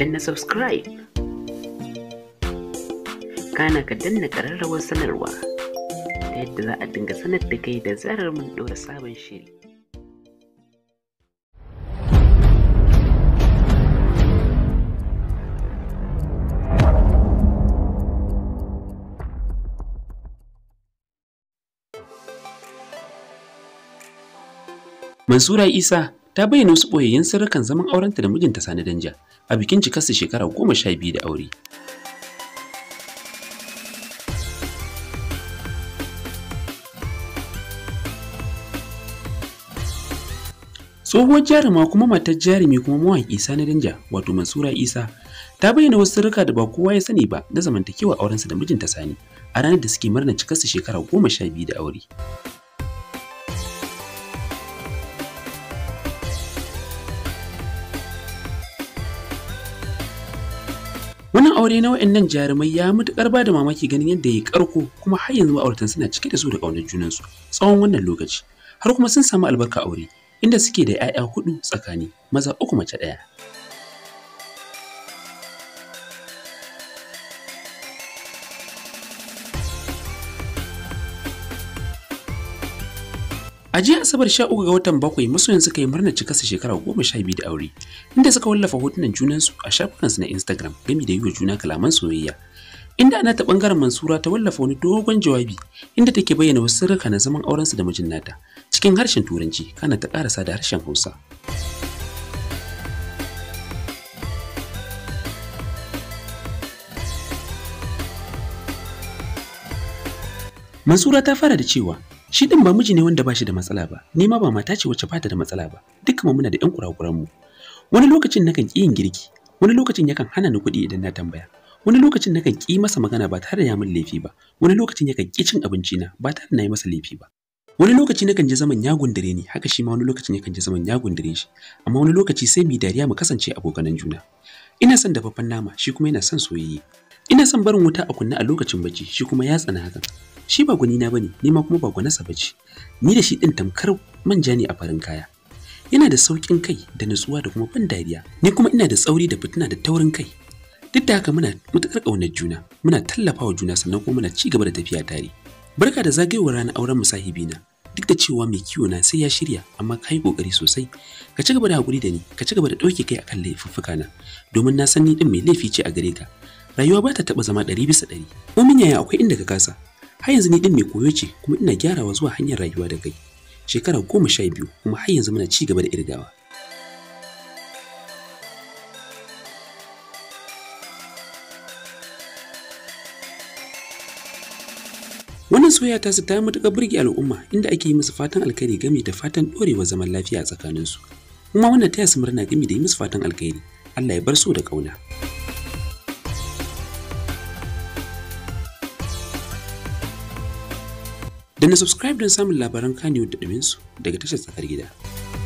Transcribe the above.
danna subscribe kana ka danna ƙararrawar sanarwa ta yadda za a dinga sanar da kai da zarar mun ɗora sabon shiri Mansura Isa ta bayyana wasu ɓoyayyen sirrukan zaman aurenta da mijinta Sani Danja a bikin cikarsa shekara goma sha biyu da aure. Tsohuwar jaruma kuma matar jarumi kuma mawaƙi na Danja wato Mansura Isa ta bayyana wasu sirrika da ba kowa ya sani ba na zamantakewa aurensa da mijinta Sani a ranar da suke murnar cikarsa shekara goma sha biyu da aure. Wannan aure na wayannan jarumai ya mutu ba da mamaki ganin yadda ya karko kuma har yanzu ma'auratan suna cike da su da ƙaunar junansu tsawon wannan lokaci. Har kuma sun samu albarka aure inda suke da 'ya'ya hudu tsakani maza uku mace ɗaya. A jiya Asabar 13 ga watan bakwai masoyan suka yi murnar cika su shekara goma sha biyu da aure, inda suka wallafa hotunan junansu a shafukan su na Instagram gami da yi wa juna kalaman soyayya. Inda ana ta bangaren Mansura ta wallafa wani dogon jawabi inda take bayyana wasu sirrika na zaman aurensu da mijin nata cikin harshen Turanci kana ta karasa da harshen Hausa. Mansura ta fara da cewa Shi din ba miji ne wanda ba shi da matsala ba, ni ma ba mata ce wacce ba ta da matsala ba, duk mu muna da ƴan kurakuran mu. Wani lokacin nakan ƙi yin girki, wani lokacin yakan hana ni kuɗi idan na tambaya. Wani lokacin nakan ƙi masa magana ba tare da ya min laifi ba, wani lokacin yakan ƙi cin abinci na ba tare da na yi masa laifi ba. Wani lokaci nakan ji zaman ya gundare ni, haka shi ma wani lokacin yakan ji zaman ya gundare shi, amma wani lokaci sai mu dariya mu kasance abokanan juna. Ina son dafaffen nama, shi kuma yana son soyayye. ina son barin wuta a kunne a lokacin bacci shi kuma ya tsana hakan shi ba gwani na bane ni ma kuma ba gwanasa bace ni da shi din tamkar manja ne a farin kaya yana da saukin kai da nutsuwa da kuma ban dariya ni kuma ina da tsauri da fitina da taurin kai duk da haka muna mutakar ƙaunar juna muna tallafawa juna sannan kuma muna ci gaba da tafiya tare barka da zagayowar ranar auren musahibi na, duk da cewa mai kiwo na sai ya shirya amma ka yi kokari sosai ka ci gaba da hakuri da ni ka ci gaba da ɗauke kai akan laifuffuka na domin na san ni din mai laifi ce a gare ka rayuwa ba ta taɓa zama ɗari bisa ɗari mamin yaya akwai inda ka kasa har yanzu ni ɗin mai koyo ce kuma ina gyarawa zuwa hanyar rayuwa da kai shekara goma sha biyu kuma har yanzu muna ci gaba da irgawa wannan soyayya ta su ta yi matuƙar burge al'umma inda ake yi musu fatan alkhairi gami da fatan ɗorewar zaman lafiya a tsakaninsu kuma wannan taya su murna gami da yi musu fatan alkhairi Allah ya bar so da ƙauna Da na subscribe don samun labaran kaniyo da ɗuminsu daga tashar tsakar gida.